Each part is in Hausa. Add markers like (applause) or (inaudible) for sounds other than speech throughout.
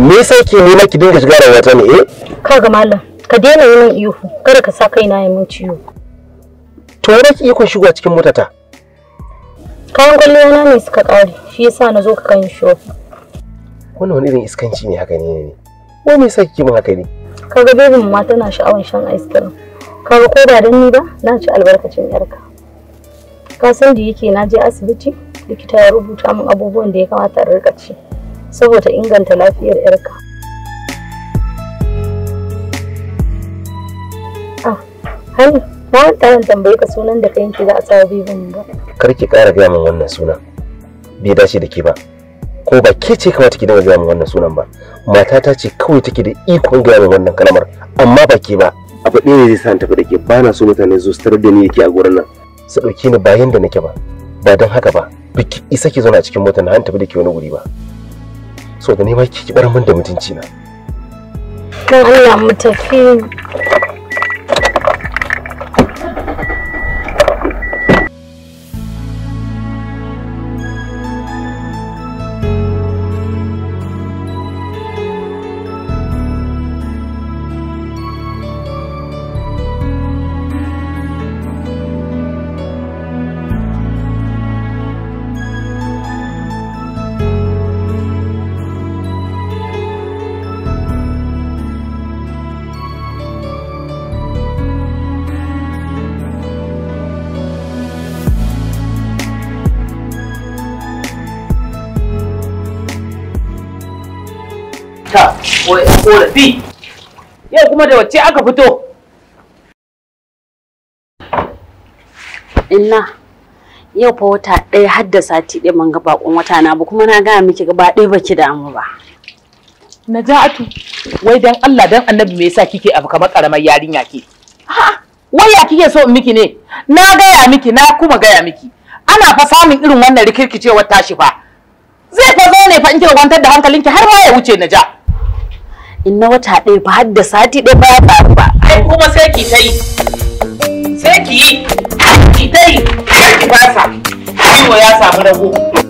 me yasa ke neman ki dinga shiga rayuwata ne eh kaga Mallam? ka daina yi min ihu kada ka sa kaina ya min ciwo to wani ki iko shigo cikin motata kayan kwalliya na ne suka kare shi yasa na zo ka kan shofi wannan wani irin iskanci ne haka ne ne ko me yasa kike min haka ne kaga bebin ma tana sha'awar shan ice cream kaga ko ba dan ni ba na ci albarkacin yarka ka san da yake na je asibiti likita ya rubuta min abubuwan da ya kamata in rika ci saboda inganta lafiyar 'yarka. Ah, hani, na tarin tambaye ka sunan da ka yanke za a sa bibin ba. Kar ki ƙara gaya min wannan sunan. Bai dace da ke ba. Ko ba ke ce kamata ki dinga gaya min wannan sunan ba. Matata ce kawai take da ikon gaya min wannan kalamar, amma ba ke ba. Abu ɗaya ne zai sa ni tafi da ke ba na so mutane su da ni yake a gurin nan. Su ɗauke ni bayan da nake ba. Ba don haka ba. Biki isa ki zauna a cikin motar na an tafi da ke wani guri ba. so da nema ki ki barin min da mutunci na. kan Allah mu tafi. yau kuma da wacce aka fito inna yau fa wata ɗaya har da sati ɗaya mun ga bakon wata na ba kuma na gaya miki gaba ɗaya baki damu ba naja'atu wai dan Allah dan annabi me yasa kike abu kamar karamar yarinya ke wai ya kike so miki ne na gaya miki na kuma gaya miki ana fa samun irin wannan rikirkicewar tashi fa zai fa zo ne fa in kika kwantar da hankalinki har ma ya wuce na Inna wata ɗaya ba har da sati ɗaya ba ya faru ba. Ai kuma sai ki ta yi. Sai ki yi. Ki ta yi. Ki fasa. Ciwo ya samu rago.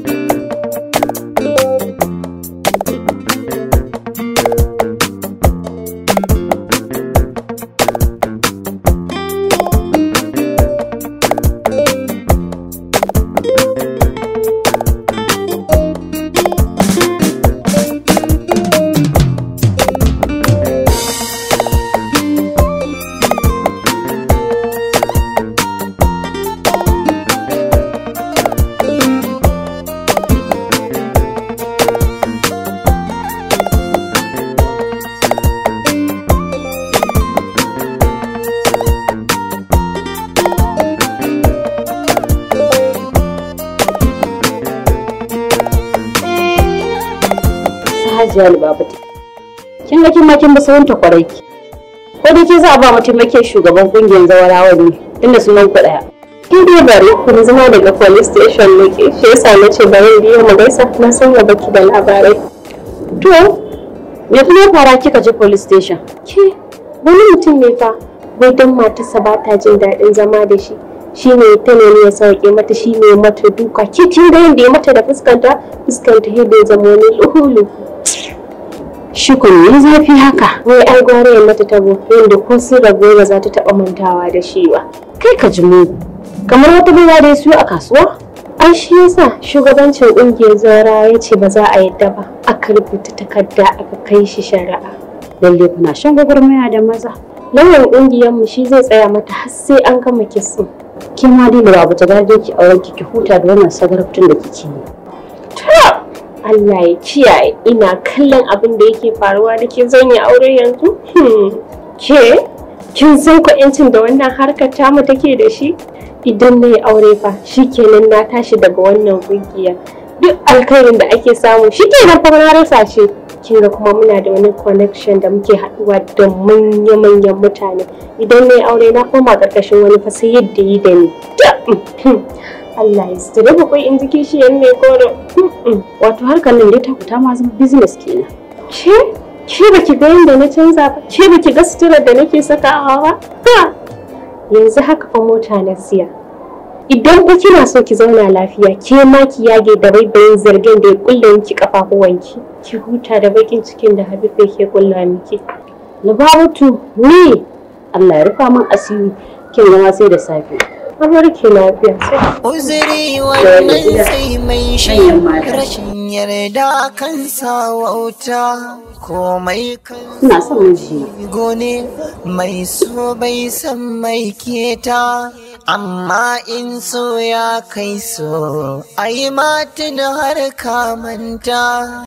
ba ta kin ga kin ma kin ba sahunta kwarai ki ko da ke za a ba mutum yake shugaban kungiyar zawarawa ne tunda sunan ku daya kin dai bari kun zama daga police station ne ke shi yasa na ce bari biyo mu gaisa na san ya baki da labarai to me kuma fara kika je police station ke wani mutum ne fa wai dan matarsa ba ta jin daɗin zama da shi shi ne ta ne ya sauke mata shi ne mata duka kin da yadda ya mata da fuskanta fuskanta hidin zamanin wani tsohon Shi ne zafi haka. Wai ai gwara ya mata tabo yadda ko da gwara za ta taɓa mantawa da shi ba. Kai ka ji mu. Kamar wata bawa da ya siyo a kasuwa? Ai shi yasa shugabancin ƙungiyar Zara ya ce ba za a yadda ba. Aka rubuta takarda aka kai shi shari'a. Lalle kuna shan gwagwarmaya da maza. Lauyan mu shi zai tsaya mata har sai an gama kisin. Ki ma dai ba ta gaje ki auren ki huta da wannan sagarabtun da kike yi. Allah ya kiyaye ina kallon abin da yake faruwa da ke zan yi aure yanzu? Hmm. Ke, kin san kwa'incin da wannan harkar mu take da shi? Idan na yi aure fa, shi kenan na tashi daga wannan kungiya. Duk alkhairin da ake samu, shi kenan fa na rasa shi. Kin ga kuma muna da wani connection da muke haɗuwa da manya-manyan mutane. Idan na yi aure na koma ƙarƙashin wani fa sai yadda yi da ni. Hmm. Allah ya sutura ba kun inji kishiyan mai koro. Wato harkar nan dai ta ma zama business kenan. Ke? Ke baki ga yadda na canza ba? Ke baki ga suturar da nake sakawa ba? Yanzu haka fa mota na siya. Idan ku kina so ki zauna lafiya, ke ma ki yage da baibayin zargin da ya kulle miki kafafuwanki. Ki huta da bakin cikin da Habib ke kulla miki. Lubabatu, ni Allah ya rufa min asiri kin zama sai da safe. an warke lafiya. Uzuri wannan sai mai shi rashin yarda kan sa wauta komai kan gone mai so bai san mai keta. Amma in so ya kai so, ai matin har kamanta.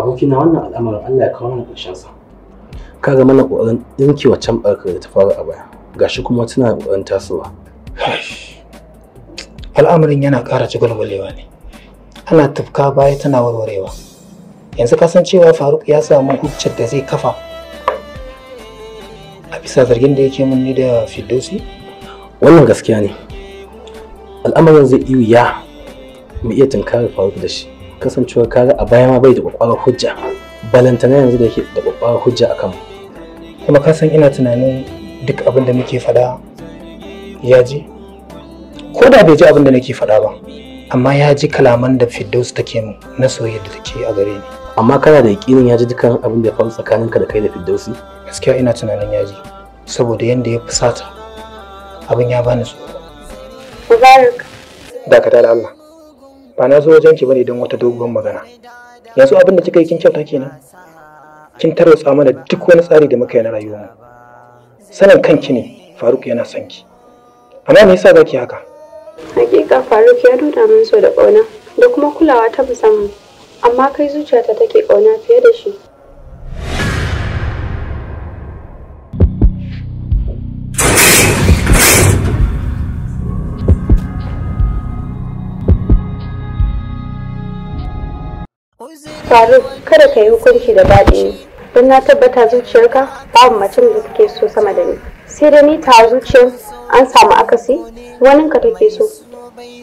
abokina wannan al'amarin Allah ya kawo mana ƙarshen sa kaga mana ƙoƙarin yanke wancan barka da ta faru a baya gashi kuma tana ƙoƙarin tasowa al'amarin yana ƙara cigulgulewa ne ana tufka baya tana warwarewa yanzu ka san cewa faruk ya samu hujjar da zai kafa a bisa zargin da yake mun ni da fidosi wannan gaskiya ne al'amarin zai iya mu iya tunkari faruk da shi kasancewa kaga a baya ma bai da kwakwara hujja balantana yanzu da yake da kwakwara hujja a kanmu kuma ka san ina tunanin duk abin da muke faɗa ya ji ko da bai ji abin da nake faɗa ba amma ya ji kalaman da Firdaus take mu na soyayya da take a gare ni amma kana da yakinin ya ji dukkan abin da ya faru tsakaninka da kai da Firdausi gaskiya ina tunanin ya ji saboda yanda ya fusata abin ya bani tsoro Mubarak dakata da Allah ba na zo wajen ki bane don wata doguwar magana yanzu abin da kika yi kin kyauta kenan kin tarwatsa mana duk wani tsari da muka yi na rayuwa sanin kanki ne faruk yana son ki amma me yasa ki haka hakika faruk ya nuna min so da ƙauna da kuma kulawa ta musamman amma kai zuciyata take ƙauna fiye da shi faruk kada ka yi hukunci da daɗi don na tabbata zuciyarka babu macen da take so sama da ni sai da ni ta zuciyar an samu akasi wani ka take so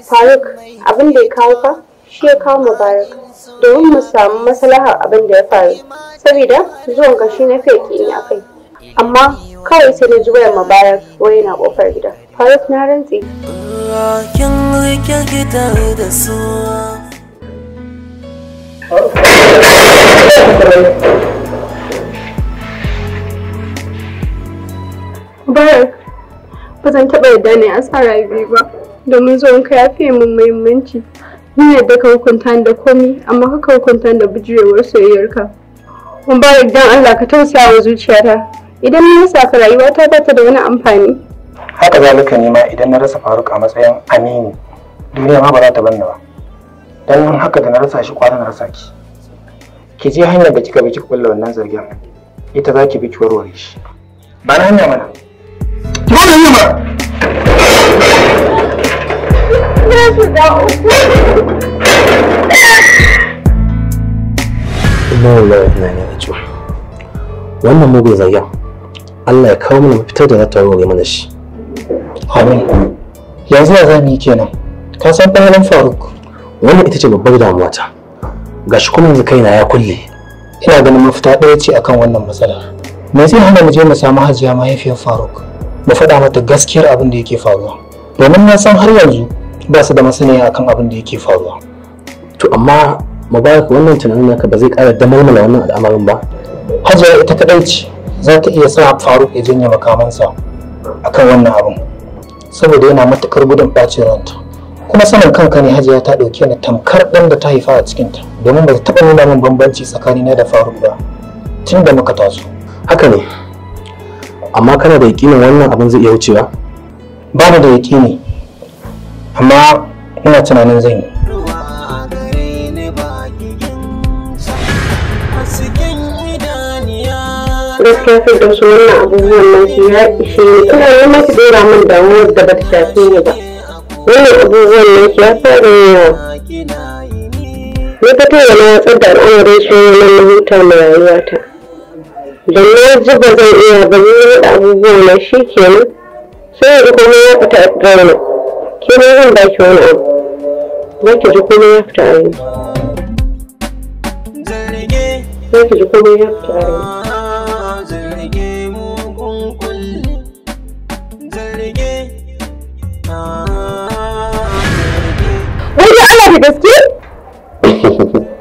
faruk abin da ya kawo ka shi ya kawo mubarak domin mu samu maslahar abin da ya faru saboda zuwan ka shi na feki ne kai. amma kawai sai na ji wayar mubarak wai yana kofar gida faruk na rantse Bayar, ba zan taɓa yadda ne a sa rayu ba, domin zuwanka ya fiye mun muhimmanci. Ni yadda ka hukunta da komi, amma ka hukunta da bijirewar soyayyarka. Mubarak don Allah ka tausaya wa zuciyata, idan na rasa ka rayuwata ba ta da wani amfani. Haka zalika ne ma idan na rasa Faruk a matsayin amini, duniya ma ba za ta banna ba. don haka da na rasa shi na rasa ki ki je hanyar da kika bi kika kulla wannan zargin ita za ki bi ki warware shi ba na hanya mana ki ba hanya mana Ina wallahi ina ne a ciwo. Wannan mugun zargin Allah ya kawo mana mafita da za ta warware mana shi. Amin. Yanzu ya zan yi kenan. Ka san ɗan Faruk. wannan ita ce babbar damuwa ta gashi kuma yanzu kaina ya kulle ina ganin mafita ɗaya ce akan wannan matsalar me zai hana mu je mu samu hajiya mahaifiyar faruk mu faɗa mata gaskiyar abin da yake faruwa domin na san har yanzu ba su da masaniya akan abin da yake faruwa to amma mu mubarak wannan tunanin naka ba zai ƙara damalmala wannan al'amarin ba hajiya ita kaɗai ce za ta iya sa faruk ya janye makamansa akan wannan abin saboda yana matuƙar gudun ɓacin ranta kuma sanin kanka ne hajiya ta ɗauke ni tamkar ɗan da ta haifa a cikinta domin ba ta taɓa nuna min bambanci tsakanina da faruk ba tun da muka taso haka ne amma kana da yakinin wannan abin zai iya wucewa ba ni da yakini amma ina tunanin zan yi gaskiya sai da su wannan abubuwan nan ya ishe ni ina neman ki dora min damuwar da ba ta shafe ni ba wannan abubuwan nan ya fara yawa na fito da na watsar da al'amarin shi wannan na huta ma rayuwata da na ji zan iya ba ni na abubuwa na shi ke nan? sai yanzu kuma ya fita a raina ke ne zan ba ki wani abu za ki ji kuma ya fita a yi. za ki ji kuma ya fita a raina gaske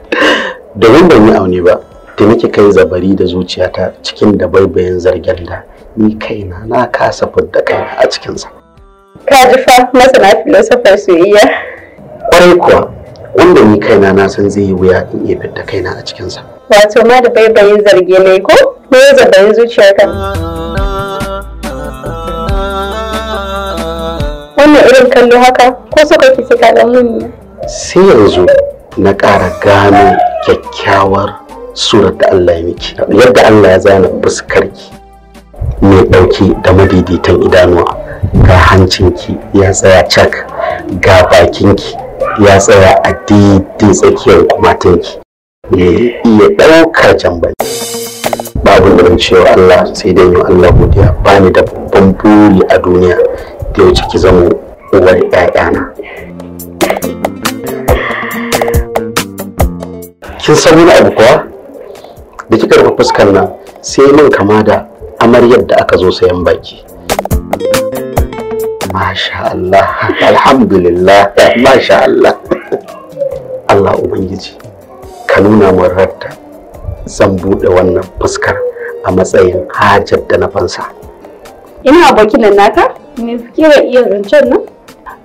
(laughs) domin ban yi aune ba da nake kai zabari da zuciyata cikin da baibayin zargen da ni kaina na kasa fidda kaina a cikinsa ka ji fa masana filosofar soyayya kwarai kuwa wanda ni kaina na san zai yi wuya in iya fidda kaina a cikinsa wato ma da baibayin zarge ne ko ko zabayin zuciyarka wannan irin kallo haka ko suka fi suka mun ne? sai yanzu na ƙara gano kyakkyawar surar da Allah ya miki yadda Allah ya zana ki. mai ɗauki da madiditan idanuwa ga hancinki ya tsaya cak ga bakinki ya tsaya a daidai tsakiyar kumatinki ya iya ɗaukar jan babu da cewa Allah sai dai yau Allah godiya bani da babban buri a duniya da ya ciki zama uwar 'ya'yana kin san wani abu kuwa da kika rufe fuskar nan sai min kama da amaryar da aka zo sayan baki masha Allah alhamdulillah masha Allah Allah ubangiji ka nuna mun ratta zan bude wannan fuskar a matsayin hajar da na fansa ina abokin nan naka me kira iya zancen nan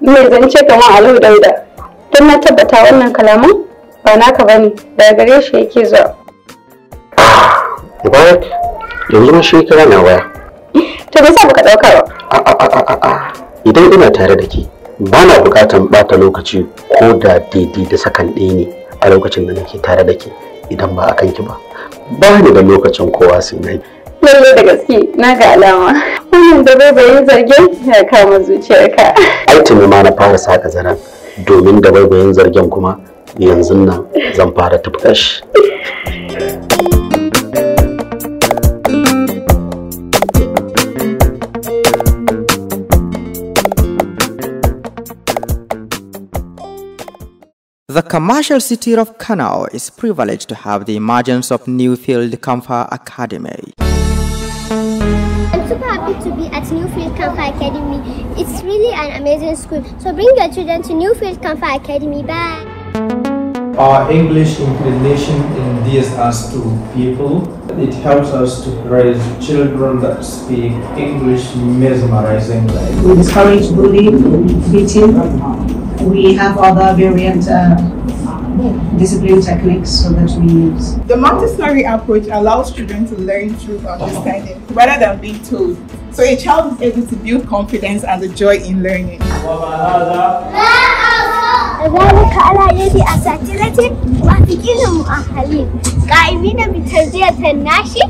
me zance kamar alau dauda don na tabbata wannan kalaman ba naka bane daga gare shi yake zuwa Mubarak yanzu mun shekara na waya to me yasa baka dauka ba idan ina tare da ke ba na bukatan bata lokaci ko da daidai da sakan ɗaya ne a lokacin da nake tare da ke idan ba a kanki ba ba ni da lokacin kowa sai na lalle da gaske na ga alama wannan da bai bayin zargen ya kama zuciyarka ai ma na fara saka zaren domin da bai bayin zargen kuma yanzu nan zan fara shi The commercial city of Kanao is privileged to have the emergence of Newfield Kamfa Academy. I'm super happy to be at Newfield Kamfa Academy. It's really an amazing school. So bring your children to Newfield Kamfa Academy. Bye. Our English inclination endears us to people. It helps us to raise children that speak English mesmerizingly. We discourage bullying, beating. We have other variant uh, discipline techniques so that we use. The Montessori approach allows children to learn through understanding rather than being told. So a child is able to build confidence and the joy in learning. على يد أساتذة وأثقين مؤهلين قائمين الناشئ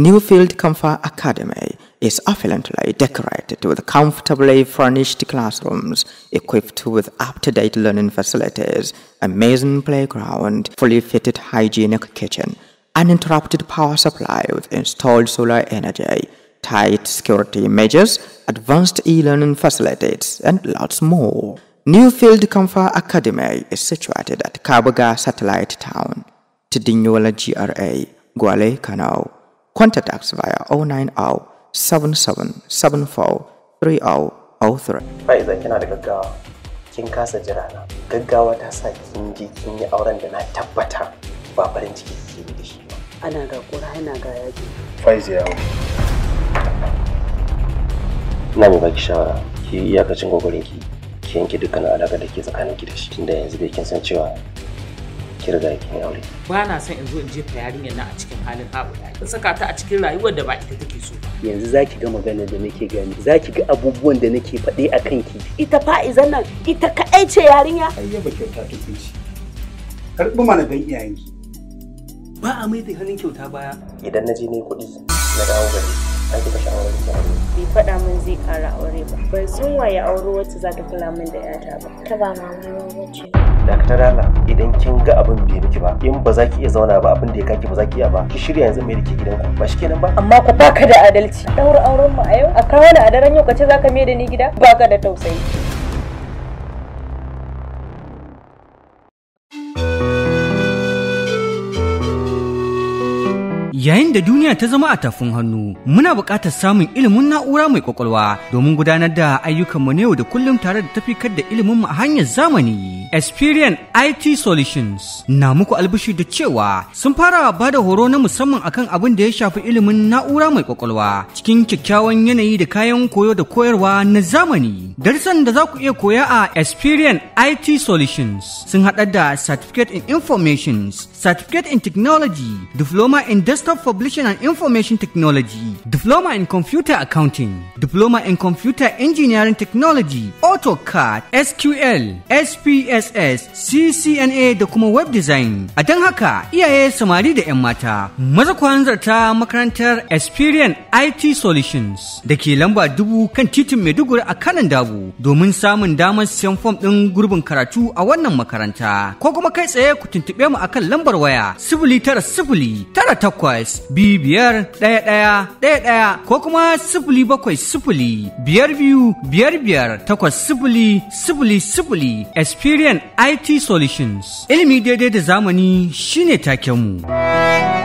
Newfield Comfort Academy is affluently decorated with comfortably furnished classrooms equipped with up-to-date learning facilities, amazing playground, fully fitted hygienic kitchen, uninterrupted power supply with installed solar energy, tight security measures, advanced e-learning facilities, and lots more. Newfield Comfort Academy is situated at Kabaga Satellite Town, Tidinyola GRA, Gwale, Kano. Contact us via 090 7774 3003. Bai zan kina da gaggawa. Kin kasa jira na. Gaggawa ta sa kin je kin yi auren da na tabbata ba farin ciki ke da shi ba. Ana ga kura ana ga yaji. Faiz yawo. ina mai baki shawara ki iyakacin gwagwarin ki ki yanke dukkanin alaƙa da ke tsakanin ki da shi tunda yanzu bai kin san cewa ki riga kin aure ba na son in zo in jefa yarinyar nan a cikin halin haɓuya in saka ta a cikin rayuwar da ba ita take so yanzu zaki ga maganar da nake gani zaki ga abubuwan da nake faɗe a kanki ita fa'izan nan ita kaɗai ce yarinya ayyaba kyauta ta ce karɓi mana don iyayenki ba a mai da hannun kyauta baya idan na je ne kuɗi na dawo gari ta da bai faɗa min zai ƙara aure ba ban san waye auri wacce za ta kula min da yata ba ta ba mama wacce Dakta Dala idan kin ga abin bai miki ba in ba za ki iya zauna ba abin da ya kaki ba za ki iya ba ki shirya yanzu mai da ke gidanku ba shi kenan ba amma ku baka da adalci daura auren mu a yau a kawo a daren yau kace zaka mai da ni gida baka da tausayi Yayin da duniya ta zama a tafin hannu, muna buƙatar samun ilimin na'ura mai ƙwaƙwalwa domin gudanar da ayyukanmu na yau da kullum tare da tafikar da iliminmu a hanyar zamani. Experian IT Solutions na muku albishi da cewa sun fara ba da horo na musamman akan abin da ya shafi ilimin na'ura mai ƙwaƙwalwa cikin kyakkyawan yanayi da kayan koyo da koyarwa na zamani. Darussan da za ku iya koya a Experian IT Solutions sun haɗa da Certificate in Information, Certificate in Technology, Diploma in Desktop of Publishing and Information Technology, Diploma in Computer Accounting, Diploma in Computer Engineering Technology, AutoCAD, SQL, SPSS, CCNA da kuma Web Design. A don haka iyaye samari da 'yan mata, maza ku hanzarta makarantar Experian IT Solutions da ke lamba dubu kan titin Maiduguri a kanan dabu domin samun damar siyan fom ɗin gurbin karatu a wannan makaranta. Ko kuma kai tsaye ku tuntuɓe mu akan lambar waya sifili tara sifili tara takwas takwas biyu biyar ɗaya ɗaya ɗaya ɗaya ko kuma sifili bakwai sifili biyar biyu biyar biyar takwas sifili sifili sifili Experian IT Solutions. Ilimi daidai da zamani shine takenmu. mu.